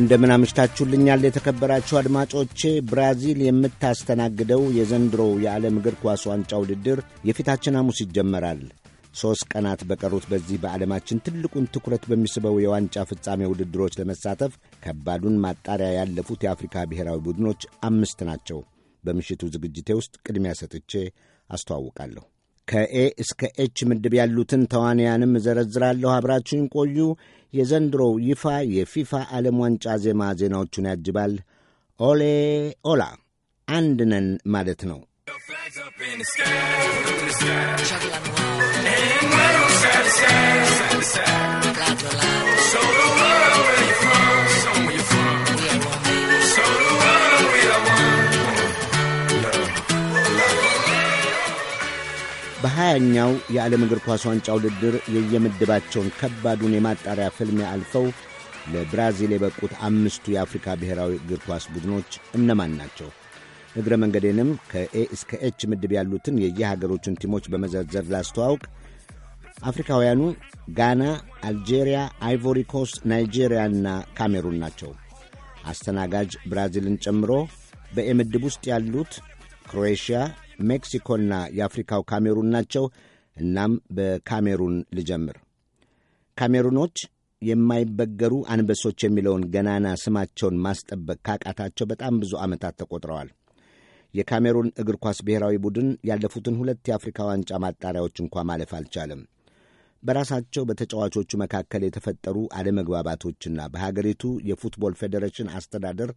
እንደምን አምሽታችሁልኛል የተከበራችሁ አድማጮቼ። ብራዚል የምታስተናግደው የዘንድሮው የዓለም እግር ኳስ ዋንጫ ውድድር የፊታችን ሐሙስ ይጀመራል። ሦስት ቀናት በቀሩት በዚህ በዓለማችን ትልቁን ትኩረት በሚስበው የዋንጫ ፍጻሜ ውድድሮች ለመሳተፍ ከባዱን ማጣሪያ ያለፉት የአፍሪካ ብሔራዊ ቡድኖች አምስት ናቸው። በምሽቱ ዝግጅቴ ውስጥ ቅድሚያ ሰጥቼ አስተዋውቃለሁ። ከኤ እስከ ኤች ምድብ ያሉትን ተዋንያንም እዘረዝራለሁ። አብራችሁን ቆዩ። የዘንድሮው ይፋ የፊፋ ዓለም ዋንጫ ዜማ ዜናዎቹን ያጅባል። ኦሌ ኦላ አንድ ነን ማለት ነው። በሀያኛው የዓለም እግር ኳስ ዋንጫ ውድድር የየምድባቸውን ከባዱን የማጣሪያ ፍልሚያ አልፈው ለብራዚል የበቁት አምስቱ የአፍሪካ ብሔራዊ እግር ኳስ ቡድኖች እነማን ናቸው? እግረ መንገዴንም ከኤ እስከ ኤች ምድብ ያሉትን የየሀገሮቹን ቲሞች በመዘርዘር ላስተዋውቅ። አፍሪካውያኑ ጋና፣ አልጄሪያ፣ አይቮሪኮስ፣ ናይጄሪያና ካሜሩን ናቸው። አስተናጋጅ ብራዚልን ጨምሮ በኤ ምድብ ውስጥ ያሉት ክሮኤሽያ፣ ሜክሲኮና የአፍሪካው ካሜሩን ናቸው። እናም በካሜሩን ልጀምር። ካሜሩኖች የማይበገሩ አንበሶች የሚለውን ገናና ስማቸውን ማስጠበቅ ካቃታቸው በጣም ብዙ ዓመታት ተቆጥረዋል። የካሜሩን እግር ኳስ ብሔራዊ ቡድን ያለፉትን ሁለት የአፍሪካ ዋንጫ ማጣሪያዎች እንኳ ማለፍ አልቻለም። በራሳቸው በተጫዋቾቹ መካከል የተፈጠሩ አለመግባባቶችና በሀገሪቱ የፉትቦል ፌዴሬሽን አስተዳደር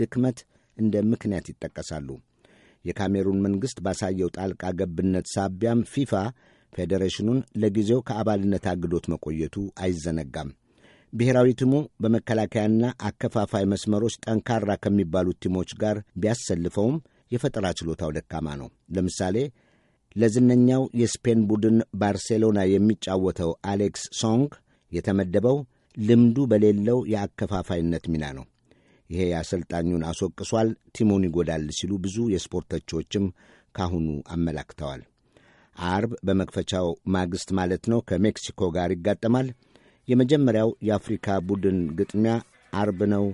ድክመት እንደ ምክንያት ይጠቀሳሉ። የካሜሩን መንግሥት ባሳየው ጣልቃ ገብነት ሳቢያም ፊፋ ፌዴሬሽኑን ለጊዜው ከአባልነት አግዶት መቆየቱ አይዘነጋም። ብሔራዊ ቲሙ በመከላከያና አከፋፋይ መስመሮች ጠንካራ ከሚባሉት ቲሞች ጋር ቢያሰልፈውም የፈጠራ ችሎታው ደካማ ነው። ለምሳሌ ለዝነኛው የስፔን ቡድን ባርሴሎና የሚጫወተው አሌክስ ሶንግ የተመደበው ልምዱ በሌለው የአከፋፋይነት ሚና ነው። ይሄ አሰልጣኙን አስወቅሷል፣ ቲሙን ይጎዳል ሲሉ ብዙ የስፖርት ተቺዎችም ካሁኑ አመላክተዋል። አርብ በመክፈቻው ማግስት ማለት ነው ከሜክሲኮ ጋር ይጋጠማል። የመጀመሪያው የአፍሪካ ቡድን ግጥሚያ አርብ ነው።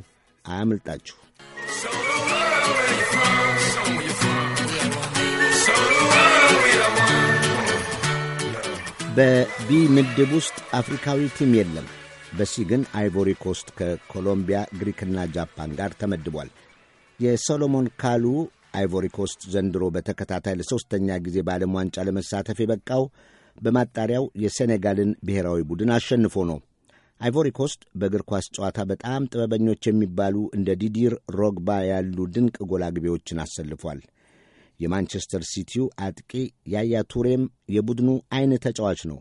አያምልጣችሁ። በቢ ምድብ ውስጥ አፍሪካዊ ቲም የለም። በሲ ግን አይቮሪ ኮስት ከኮሎምቢያ ግሪክና ጃፓን ጋር ተመድቧል። የሶሎሞን ካሉ አይቮሪ ኮስት ዘንድሮ በተከታታይ ለሦስተኛ ጊዜ በዓለም ዋንጫ ለመሳተፍ የበቃው በማጣሪያው የሴኔጋልን ብሔራዊ ቡድን አሸንፎ ነው። አይቮሪ ኮስት በእግር ኳስ ጨዋታ በጣም ጥበበኞች የሚባሉ እንደ ዲዲር ሮግባ ያሉ ድንቅ ጎል አግቢዎችን አሰልፏል። የማንቸስተር ሲቲው አጥቂ ያያ ቱሬም የቡድኑ አይን ተጫዋች ነው።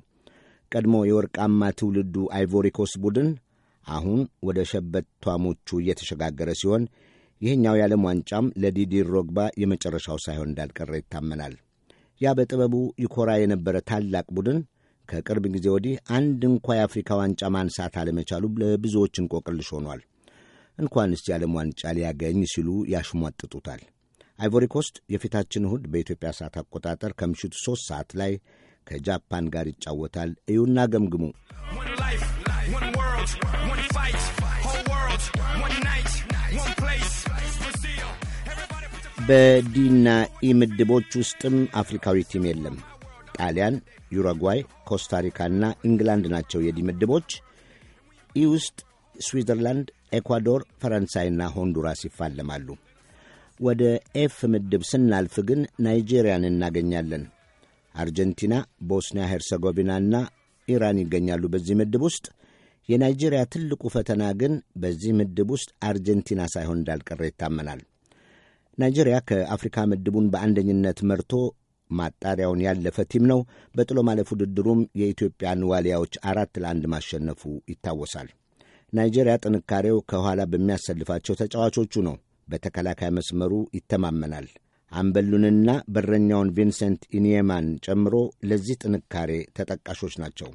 ቀድሞ የወርቃማ ትውልዱ አይቮሪኮስ ቡድን አሁን ወደ ቷሞቹ እየተሸጋገረ ሲሆን ይህኛው የዓለም ዋንጫም ለዲዲር ሮግባ የመጨረሻው ሳይሆን እንዳልቀረ ይታመናል። ያ በጥበቡ ይኮራ የነበረ ታላቅ ቡድን ከቅርብ ጊዜ ወዲህ አንድ እንኳ የአፍሪካ ዋንጫ ማንሳት አለመቻሉ ለብዙዎች እንቆቅልሽ ሆኗል። እንኳንስ የዓለም ዋንጫ ሊያገኝ ሲሉ ያሽሟጥጡታል። አይቮሪኮስት የፊታችን እሁድ በኢትዮጵያ ሰዓት አቆጣጠር ከምሽቱ ሦስት ሰዓት ላይ ከጃፓን ጋር ይጫወታል። እዩና ገምግሙ። በዲና ኢ ምድቦች ውስጥም አፍሪካዊ ቲም የለም። ጣሊያን፣ ዩሩጓይ፣ ኮስታሪካና ኢንግላንድ ናቸው የዲ ምድቦች። ኢ ውስጥ ስዊዘርላንድ፣ ኤኳዶር፣ ፈረንሳይና ሆንዱራስ ይፋለማሉ። ወደ ኤፍ ምድብ ስናልፍ ግን ናይጄሪያን እናገኛለን። አርጀንቲና፣ ቦስኒያ ሄርሰጎቪናና ኢራን ይገኛሉ በዚህ ምድብ ውስጥ። የናይጄሪያ ትልቁ ፈተና ግን በዚህ ምድብ ውስጥ አርጀንቲና ሳይሆን እንዳልቀረ ይታመናል። ናይጄሪያ ከአፍሪካ ምድቡን በአንደኝነት መርቶ ማጣሪያውን ያለፈ ቲም ነው። በጥሎ ማለፍ ውድድሩም የኢትዮጵያን ዋልያዎች አራት ለአንድ ማሸነፉ ይታወሳል። ናይጄሪያ ጥንካሬው ከኋላ በሚያሰልፋቸው ተጫዋቾቹ ነው። በተከላካይ መስመሩ ይተማመናል። አምበሉንና በረኛውን ቪንሰንት ኢኒየማን ጨምሮ ለዚህ ጥንካሬ ተጠቃሾች ናቸው።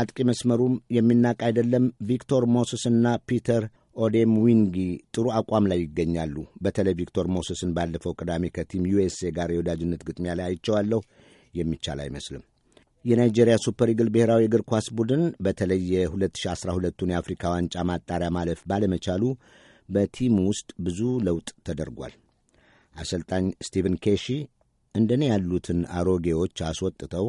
አጥቂ መስመሩም የሚናቅ አይደለም። ቪክቶር ሞሰስና ፒተር ኦዴም ዊንጊ ጥሩ አቋም ላይ ይገኛሉ። በተለይ ቪክቶር ሞሰስን ባለፈው ቅዳሜ ከቲም ዩኤስኤ ጋር የወዳጅነት ግጥሚያ ላይ አይቸዋለሁ። የሚቻል አይመስልም። የናይጄሪያ ሱፐር ኢግል ብሔራዊ እግር ኳስ ቡድን በተለይ የ2012ቱን የአፍሪካ ዋንጫ ማጣሪያ ማለፍ ባለመቻሉ በቲም ውስጥ ብዙ ለውጥ ተደርጓል። አሰልጣኝ ስቲቨን ኬሺ እንደኔ ያሉትን አሮጌዎች አስወጥተው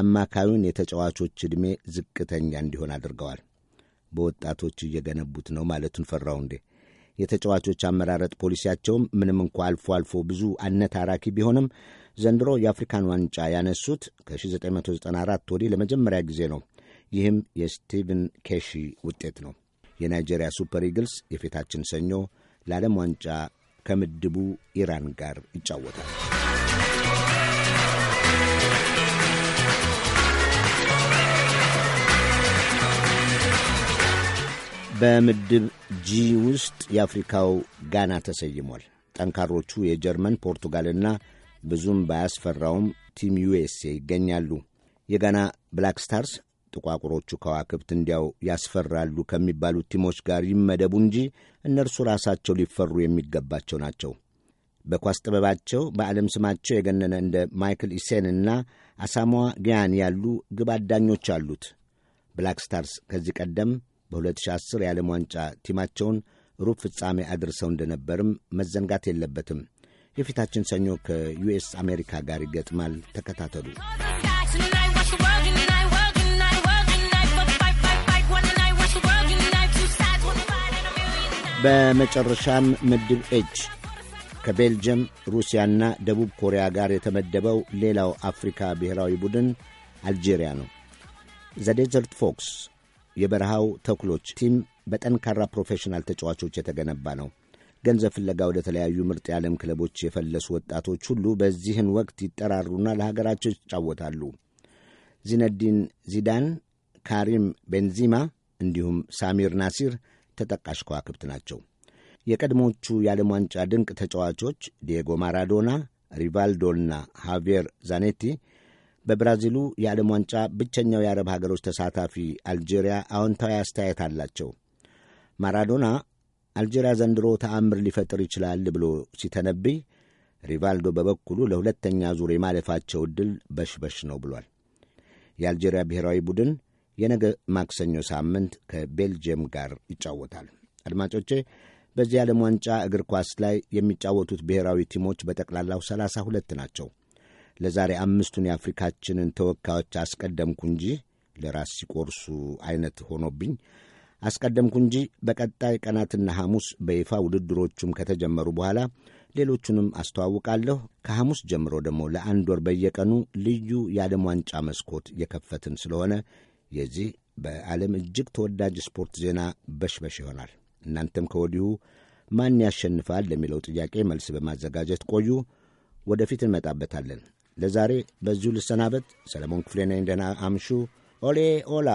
አማካዩን የተጫዋቾች ዕድሜ ዝቅተኛ እንዲሆን አድርገዋል። በወጣቶች እየገነቡት ነው ማለቱን ፈራው እንዴ። የተጫዋቾች አመራረጥ ፖሊሲያቸውም ምንም እንኳ አልፎ አልፎ ብዙ አነታራኪ ቢሆንም ዘንድሮ የአፍሪካን ዋንጫ ያነሱት ከ1994 ወዲህ ለመጀመሪያ ጊዜ ነው። ይህም የስቲቭን ኬሺ ውጤት ነው። የናይጄሪያ ሱፐር ኢግልስ የፊታችን ሰኞ ለዓለም ዋንጫ ከምድቡ ኢራን ጋር ይጫወታል። በምድብ ጂ ውስጥ የአፍሪካው ጋና ተሰይሟል። ጠንካሮቹ የጀርመን ፖርቱጋልና ብዙም ባያስፈራውም ቲም ዩኤስኤ ይገኛሉ። የጋና ብላክ ስታርስ ጥቋቁሮቹ ከዋክብት እንዲያው ያስፈራሉ ከሚባሉት ቲሞች ጋር ይመደቡ እንጂ እነርሱ ራሳቸው ሊፈሩ የሚገባቸው ናቸው። በኳስ ጥበባቸው በዓለም ስማቸው የገነነ እንደ ማይክል ኢሴን እና አሳሟ ጊያን ያሉ ግብ አዳኞች አሉት። ብላክ ስታርስ ከዚህ ቀደም በ2010 የዓለም ዋንጫ ቲማቸውን ሩብ ፍጻሜ አድርሰው እንደነበርም መዘንጋት የለበትም። የፊታችን ሰኞ ከዩኤስ አሜሪካ ጋር ይገጥማል። ተከታተሉ። በመጨረሻም ምድብ ኤች ከቤልጅየም ሩሲያና ደቡብ ኮሪያ ጋር የተመደበው ሌላው አፍሪካ ብሔራዊ ቡድን አልጄሪያ ነው። ዘዴዘርት ፎክስ የበረሃው ተኩሎች ቲም በጠንካራ ፕሮፌሽናል ተጫዋቾች የተገነባ ነው። ገንዘብ ፍለጋ ወደ ተለያዩ ምርጥ የዓለም ክለቦች የፈለሱ ወጣቶች ሁሉ በዚህን ወቅት ይጠራሩና ለሀገራቸው ይጫወታሉ። ዚነዲን ዚዳን፣ ካሪም ቤንዚማ እንዲሁም ሳሚር ናሲር ተጠቃሽ ከዋክብት ናቸው። የቀድሞቹ የዓለም ዋንጫ ድንቅ ተጫዋቾች ዲየጎ ማራዶና፣ ሪቫልዶና ሃቪየር ዛኔቲ በብራዚሉ የዓለም ዋንጫ ብቸኛው የአረብ ሀገሮች ተሳታፊ አልጄሪያ አዎንታዊ አስተያየት አላቸው። ማራዶና አልጄሪያ ዘንድሮ ተአምር ሊፈጥር ይችላል ብሎ ሲተነብይ፣ ሪቫልዶ በበኩሉ ለሁለተኛ ዙር የማለፋቸው ዕድል በሽበሽ ነው ብሏል። የአልጄሪያ ብሔራዊ ቡድን የነገ ማክሰኞ ሳምንት ከቤልጅየም ጋር ይጫወታል። አድማጮቼ በዚህ ዓለም ዋንጫ እግር ኳስ ላይ የሚጫወቱት ብሔራዊ ቲሞች በጠቅላላው ሰላሳ ሁለት ናቸው። ለዛሬ አምስቱን የአፍሪካችንን ተወካዮች አስቀደምኩ እንጂ ለራስ ሲቆርሱ አይነት ሆኖብኝ አስቀደምኩ እንጂ በቀጣይ ቀናትና ሐሙስ በይፋ ውድድሮቹም ከተጀመሩ በኋላ ሌሎቹንም አስተዋውቃለሁ። ከሐሙስ ጀምሮ ደግሞ ለአንድ ወር በየቀኑ ልዩ የዓለም ዋንጫ መስኮት የከፈትን ስለሆነ የዚህ በዓለም እጅግ ተወዳጅ ስፖርት ዜና በሽበሽ ይሆናል። እናንተም ከወዲሁ ማን ያሸንፋል ለሚለው ጥያቄ መልስ በማዘጋጀት ቆዩ። ወደፊት እንመጣበታለን። ለዛሬ በዚሁ ልሰናበት። ሰለሞን ክፍሌ ነኝ። ደህና አምሹ። ኦሌ ኦላ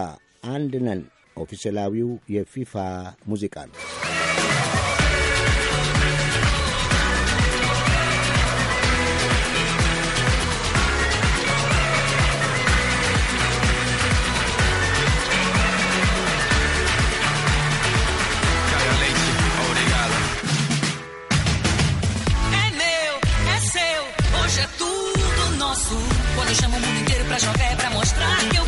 አንድ ነን ኦፊሴላዊው የፊፋ ሙዚቃ ነው። Eu chamo o mundo inteiro pra jogar, é pra mostrar que eu